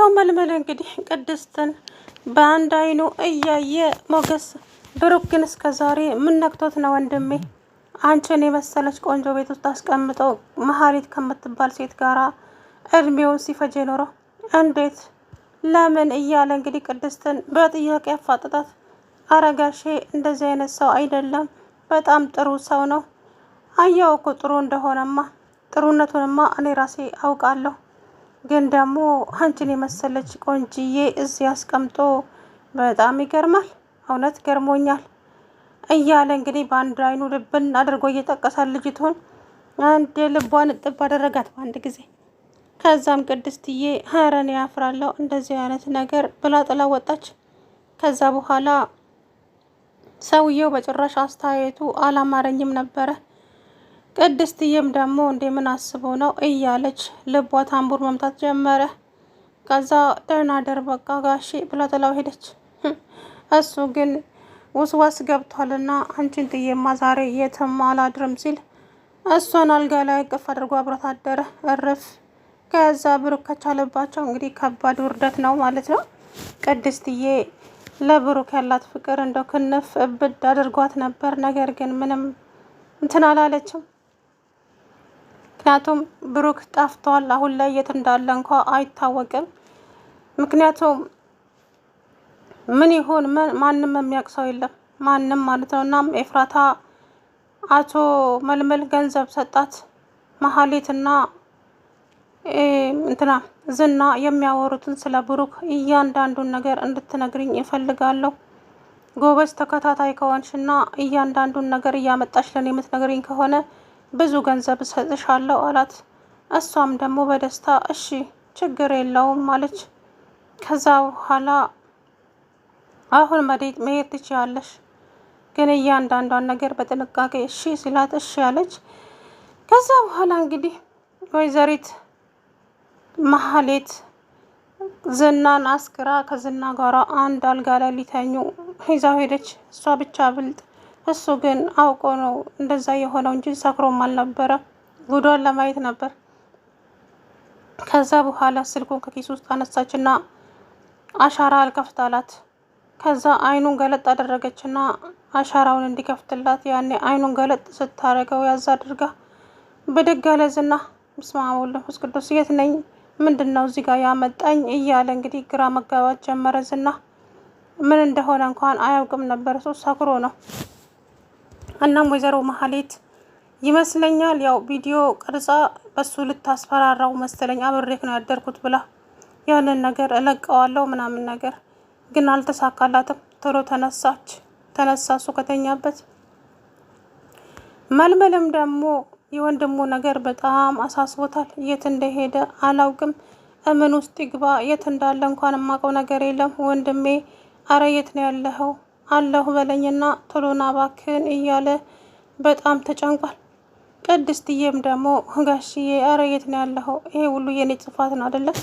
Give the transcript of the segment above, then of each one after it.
እውነታው መልመል እንግዲህ ቅድስትን በአንድ አይኑ እያየ ሞገስ ብሩክ ግን እስከ ዛሬ ምን ነክቶት ነው ወንድሜ አንቺን የመሰለች ቆንጆ ቤት ውስጥ አስቀምጦ መሀሪት ከምትባል ሴት ጋራ እድሜውን ሲፈጅ የኖረው እንዴት ለምን እያለ እንግዲህ ቅድስትን በጥያቄ አፋጥጣት አረጋሼ እንደዚህ አይነት ሰው አይደለም፣ በጣም ጥሩ ሰው ነው። አየሁ እኮ ጥሩ እንደሆነማ፣ ጥሩነቱንማ እኔ ራሴ አውቃለሁ። ግን ደግሞ አንቺን የመሰለች ቆንጅዬ እዚህ አስቀምጦ በጣም ይገርማል፣ እውነት ገርሞኛል እያለ እንግዲህ በአንድ አይኑ ልብን አድርጎ እየጠቀሳት ልጅቱን አንድ ልቧን እጥብ አደረጋት በአንድ ጊዜ። ከዛም ቅድስትዬ ኧረ እኔ ያፍራለሁ እንደዚህ አይነት ነገር ብላ ጥላ ወጣች። ከዛ በኋላ ሰውየው በጭራሽ አስተያየቱ አላማረኝም ነበረ። ቅድስትዬም ደግሞ ምን አስበው ነው እያለች ልቧ ታምቡር መምታት ጀመረ። ከዛ ደህና ደር በቃ ጋሼ ብላ ጥላው ሄደች። እሱ ግን ውስዋስ ገብቷልና አንቺን ጥዬማ ዛሬ የትም አላድርም ሲል እሷን አልጋ ላይ ቅፍ አድርጎ አብሯት አደረ። እርፍ ከዛ ብሩክ ከቻለባቸው እንግዲህ ከባድ ውርደት ነው ማለት ነው። ቅድስትዬ ለብሩክ ያላት ፍቅር እንደው ክንፍ እብድ አድርጓት ነበር። ነገር ግን ምንም እንትን አላለችም። ምክንያቱም ብሩክ ጠፍቷል። አሁን ላይ የት እንዳለ እንኳ አይታወቅም። ምክንያቱም ምን ይሁን ማንም የሚያውቅ ሰው የለም፣ ማንም ማለት ነው። እናም ኤፍራታ አቶ መልመል ገንዘብ ሰጣት። መሀሌትና እንትና ዝና የሚያወሩትን ስለ ብሩክ እያንዳንዱን ነገር እንድትነግርኝ ይፈልጋለሁ ጎበዝ ተከታታይ ከሆንሽ እና እያንዳንዱን ነገር እያመጣሽ ለኔ የምትነግርኝ ከሆነ ብዙ ገንዘብ እሰጥሻለሁ አላት። እሷም ደግሞ በደስታ እሺ ችግር የለውም አለች። ከዛ በኋላ አሁን መሬት መሄድ ትችያለሽ፣ ግን እያንዳንዷን ነገር በጥንቃቄ እሺ ሲላት እሺ አለች። ከዛ በኋላ እንግዲህ ወይዘሪት መሀሌት ዝናን አስክራ ከዝና ጋራ አንድ አልጋ ላይ ሊተኙ ይዛው ሄደች። እሷ ብቻ ብልጥ እሱ ግን አውቆ ነው እንደዛ የሆነው እንጂ ሰክሮም አልነበረ። ጉዷን ለማየት ነበር። ከዛ በኋላ ስልኩን ከኪስ ውስጥ አነሳችና አሻራ አልከፍት አላት። ከዛ አይኑን ገለጥ አደረገችና አሻራውን እንዲከፍትላት ያኔ አይኑን ገለጥ ስታደርገው ያዝ አድርጋ ብድግ አለ ዝና። በስመ አብ ወወልድ ወመንፈስ ቅዱስ የት ነኝ? ምንድን ነው እዚህ ጋር ያመጣኝ? እያለ እንግዲህ ግራ መጋባት ጀመረ ዝና። ምን እንደሆነ እንኳን አያውቅም ነበር። እሱ ሰክሮ ነው። እናም ወይዘሮ መሀሌት ይመስለኛል ያው ቪዲዮ ቅርጻ በሱ ልታስፈራራው መሰለኝ አብሬክ ነው ያደርኩት ብላ ያንን ነገር እለቀዋለሁ ምናምን ነገር ግን አልተሳካላትም። ቶሎ ተነሳች ተነሳ እሱ ከተኛበት። መልመልም ደግሞ የወንድሙ ነገር በጣም አሳስቦታል። የት እንደሄደ አላውቅም፣ እምን ውስጥ ይግባ፣ የት እንዳለ እንኳን የማውቀው ነገር የለም። ወንድሜ አረ የት ነው ያለኸው? አለሁ በለኝና ቶሎና ባክን እያለ በጣም ተጨንቋል። ቅድስትዬም ደግሞ ጋሽዬ አረ የት ነው ያለኸው? ይሄ ሁሉ የኔ ጥፋት ነው አደለም?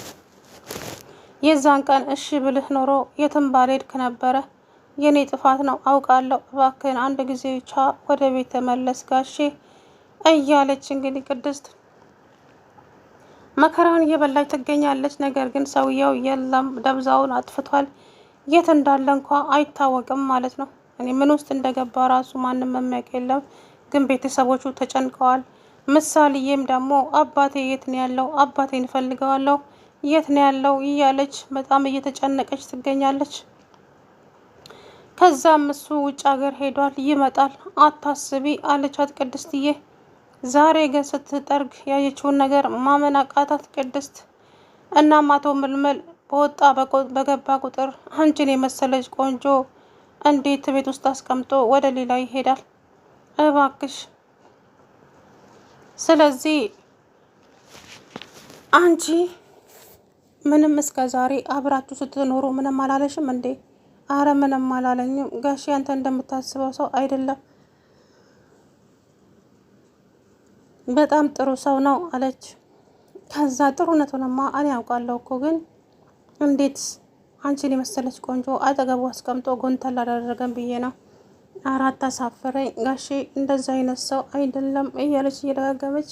የዛን ቀን እሺ ብልህ ኖሮ የትም ባልሄድክ ነበረ። የኔ ጥፋት ነው አውቃለሁ። እባክህን አንድ ጊዜ ብቻ ወደ ቤት ተመለስ ጋሼ እያለች እንግዲህ ቅድስት መከራውን እየበላች ትገኛለች። ነገር ግን ሰውየው የለም ደብዛውን አጥፍቷል። የት እንዳለ እንኳ አይታወቅም ማለት ነው። እኔ ምን ውስጥ እንደገባ ራሱ ማንም የሚያውቅ የለም። ግን ቤተሰቦቹ ተጨንቀዋል። ምሳሌዬም ደግሞ አባቴ የት ነው ያለው? አባቴ እንፈልገዋለሁ፣ የት ነው ያለው? እያለች በጣም እየተጨነቀች ትገኛለች። ከዛም እሱ ውጭ ሀገር ሄዷል፣ ይመጣል፣ አታስቢ አለቻት ቅድስትዬ። ዛሬ ግን ስትጠርግ ያየችውን ነገር ማመን አቃታት ቅድስት። እናም አቶ ምልምል በወጣ በገባ ቁጥር አንቺን የመሰለች ቆንጆ እንዴት ቤት ውስጥ አስቀምጦ ወደ ሌላ ይሄዳል? እባክሽ። ስለዚህ አንቺ ምንም እስከ ዛሬ አብራችሁ ስትኖሩ ምንም አላለሽም እንዴ? አረ ምንም አላለኝም ጋሽ፣ አንተ እንደምታስበው ሰው አይደለም። በጣም ጥሩ ሰው ነው አለች። ከዛ ጥሩነቱንማ እኔ ያውቃለሁ እኮ ግን እንዴት አንቺን የመሰለች ቆንጆ አጠገቡ አስቀምጦ ጎንተል አላደረገን ብዬ ነው። አራት አሳፈረኝ ጋሼ፣ እንደዛ አይነት ሰው አይደለም እያለች እየደጋገመች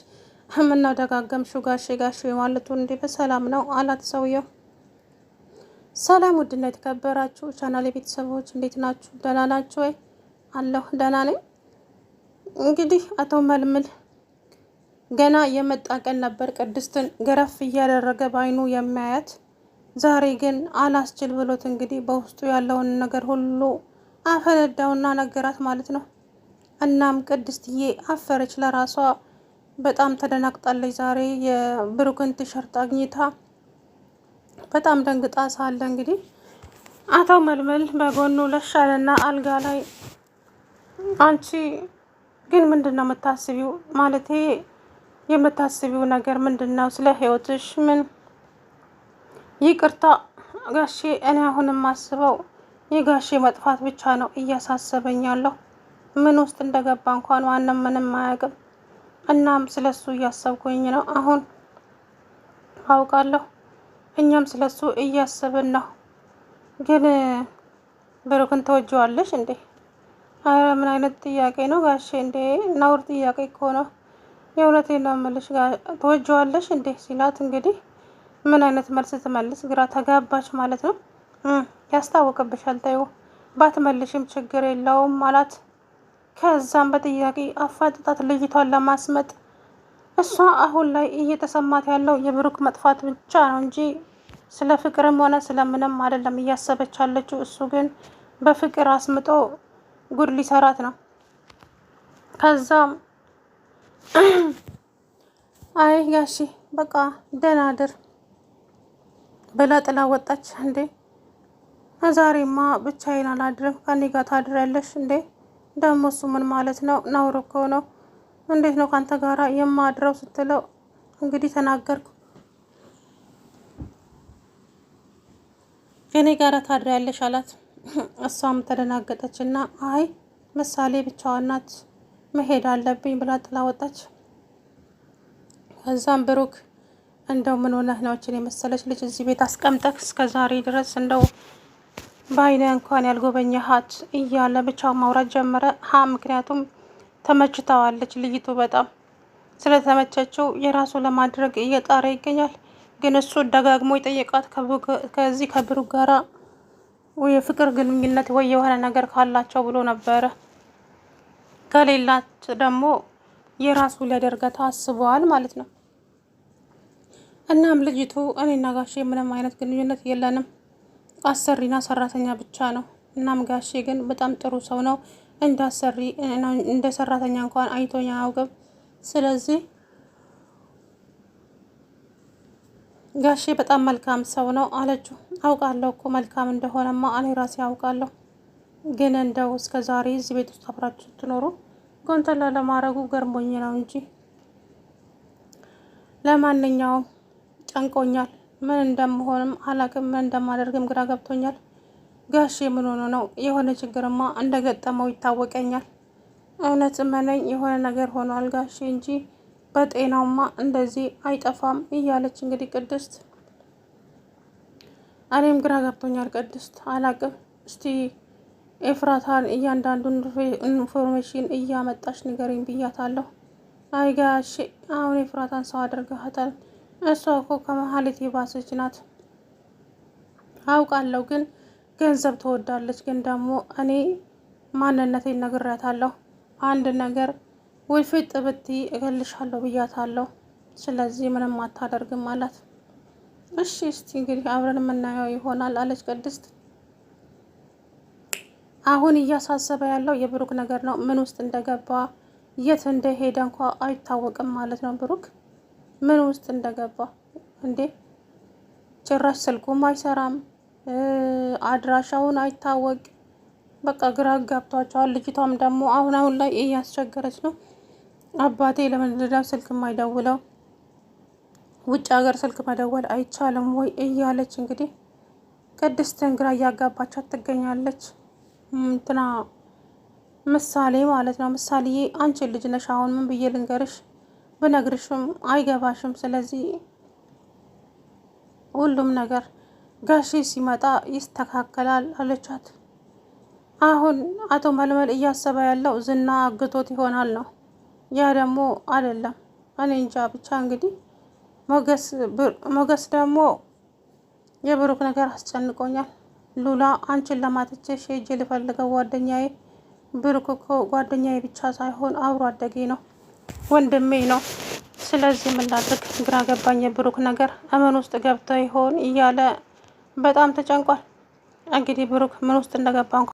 ምነው ደጋገምሽው ጋሼ ጋሼ ማለቱ እንዴ በሰላም ነው አላት ሰውየው። ሰላም ውድና የተከበራችሁ ቻናል የቤተሰቦች እንዴት ናችሁ? ደህና ናችሁ ወይ? አለሁ ደህና ነኝ። እንግዲህ አቶ መልምል ገና የመጣ ቀን ነበር ቅድስትን ገረፍ እያደረገ በአይኑ የሚያያት ዛሬ ግን አላስችል ብሎት እንግዲህ በውስጡ ያለውን ነገር ሁሉ አፈነዳውና ነገራት ማለት ነው። እናም ቅድስትዬ አፈረች ለራሷ በጣም ተደናግጣለች። ዛሬ የብሩክን ቲሸርት አግኝታ በጣም ደንግጣ ሳለ እንግዲህ አቶ መልመል በጎኑ ለሻለና አልጋ ላይ አንቺ ግን ምንድን ነው የምታስቢው? ማለቴ የምታስቢው ነገር ምንድን ነው? ስለ ህይወትሽ ምን ይቅርታ ጋሼ፣ እኔ አሁን የማስበው የጋሼ መጥፋት ብቻ ነው እያሳሰበኝ ያለው። ምን ውስጥ እንደገባ እንኳን ማንም ምንም አያውቅም። እናም ስለሱ እያሰብኩኝ ነው አሁን። አውቃለሁ፣ እኛም ስለሱ እያሰብን ነው። ግን ብሩክን ተወጀዋለሽ እንዴ? አረ ምን አይነት ጥያቄ ነው ጋሼ! እንዴ ናውር ጥያቄ እኮ ነው። የእውነቴን ነው የምልሽ፣ እንዴ ሲላት እንግዲህ ምን አይነት መልስ ትመልስ ግራ ተጋባች ማለት ነው። ያስታወቅብሻል ታዩ ባትመልሽም ችግር የለውም አላት። ከዛም በጥያቄ አፋጥጣት ልጅቷን ለማስመጥ እሷ አሁን ላይ እየተሰማት ያለው የብሩክ መጥፋት ብቻ ነው እንጂ ስለ ፍቅርም ሆነ ስለምንም አይደለም እያሰበች ያለችው። እሱ ግን በፍቅር አስምጦ ጉድ ሊሰራት ነው። ከዛም አይ ጋሺ በቃ ደህና አድር ብላ ጥላ ወጣች። እንዴ ዛሬማ ብቻዬን አላድርም ከኔ ጋር ታድሪያለሽ እንዴ? ደግሞ እሱ ምን ማለት ነው? ነውር እኮ ነው። እንዴት ነው ከአንተ ጋራ የማድረው ስትለው እንግዲህ ተናገርኩ ከኔ ጋር ታድሪያለሽ አላት። እሷም ተደናገጠች እና አይ ምሳሌ ብቻዋን ናት መሄድ አለብኝ ብላ ጥላ ወጣች። ከዛም ብሩክ እንደው ምን ሆነህ ነው እችን የመሰለች ልጅ እዚህ ቤት አስቀምጠህ እስከ ዛሬ ድረስ እንደው በአይነ እንኳን ያልጎበኘሃት እያለ ብቻው ማውራት ጀመረ። ሀ ምክንያቱም ተመችተዋለች ልይቱ በጣም ስለተመቸችው የራሱ ለማድረግ እየጣረ ይገኛል። ግን እሱ ደጋግሞ የጠየቃት ከዚህ ከብሩ ጋራ የፍቅር ግንኙነት ወይ የሆነ ነገር ካላቸው ብሎ ነበረ። ከሌላት ደግሞ የራሱ ሊያደርጋት አስበዋል ማለት ነው። እናም ልጅቱ እኔና ጋሼ ምንም አይነት ግንኙነት የለንም፣ አሰሪና ሰራተኛ ብቻ ነው። እናም ጋሼ ግን በጣም ጥሩ ሰው ነው፣ እንደ አሰሪ እንደ ሰራተኛ እንኳን አይቶኝ አያውቅም። ስለዚህ ጋሼ በጣም መልካም ሰው ነው አለችው። አውቃለሁ እኮ መልካም እንደሆነማ እኔ ራሴ አውቃለሁ፣ ግን እንደው እስከ ዛሬ እዚህ ቤት ውስጥ አብራችሁ ስትኖሩ ጎንተላ ለማድረጉ ገርሞኝ ነው እንጂ ለማንኛውም ጨንቆኛል። ምን እንደምሆንም አላቅም፣ ምን እንደማደርግም ግራ ገብቶኛል። ጋሼ ምን ሆኖ ነው? የሆነ ችግርማ እንደገጠመው ይታወቀኛል። እውነት መነኝ የሆነ ነገር ሆኗል ጋሼ እንጂ በጤናውማ እንደዚህ አይጠፋም እያለች እንግዲህ ቅድስት እኔም ግራ ገብቶኛል ቅድስት አላቅም። እስቲ ኤፍራታን እያንዳንዱን ኢንፎርሜሽን እያመጣች ንገሪኝ ብያታለሁ። አይ ጋሼ አሁን ኤፍራታን ሰው አድርገሃታል። እሷ እኮ ከመሀሌት የባሰች ናት አውቃለሁ። ግን ገንዘብ ትወዳለች። ግን ደግሞ እኔ ማንነቴን ነግሬያታለሁ። አንድ ነገር ውልፍጥ ብቲ እገልሻለሁ ብያታለሁ። ስለዚህ ምንም አታደርግም አላት። እሺ እስቲ እንግዲህ አብረን የምናየው ይሆናል አለች ቅድስት። አሁን እያሳሰበ ያለው የብሩክ ነገር ነው። ምን ውስጥ እንደገባ የት እንደሄደ እንኳ አይታወቅም ማለት ነው ብሩክ ምን ውስጥ እንደገባ እንዴ! ጭራሽ ስልኩም አይሰራም፣ አድራሻውን አይታወቅ። በቃ ግራ ጋብቷቸዋል። ልጅቷም ደግሞ አሁን አሁን ላይ እያስቸገረች ነው። አባቴ ለመንደዳ ስልክ የማይደውለው ውጭ ሀገር ስልክ መደወል አይቻልም ወይ እያለች እንግዲህ ቅድስትን ግራ እያጋባቻት ትገኛለች። እንትና ምሳሌ ማለት ነው። ምሳሌ አንቺ ልጅ ነሽ። አሁን ምን ብዬ ልንገርሽ? ብነግርሽም አይገባሽም። ስለዚህ ሁሉም ነገር ጋሼ ሲመጣ ይስተካከላል አለቻት። አሁን አቶ መልመል እያሰበ ያለው ዝና አግቶት ይሆናል ነው። ያ ደግሞ አይደለም። እኔ እንጃ ብቻ እንግዲህ ሞገስ ደግሞ የብሩክ ነገር አስጨንቆኛል። ሉላ አንቺን ለማትቼሽ ሄጄ ልፈልገው ጓደኛዬ ብሩክ እኮ ጓደኛዬ ብቻ ሳይሆን አብሮ አደጌ ነው። ወንድሜ ነው። ስለዚህ ምን ግራ ገባኝ። የብሩክ ነገር እምን ውስጥ ገብተው ይሆን እያለ በጣም ተጨንቋል። እንግዲህ ብሩክ ምን ውስጥ እንደገባ እንኳ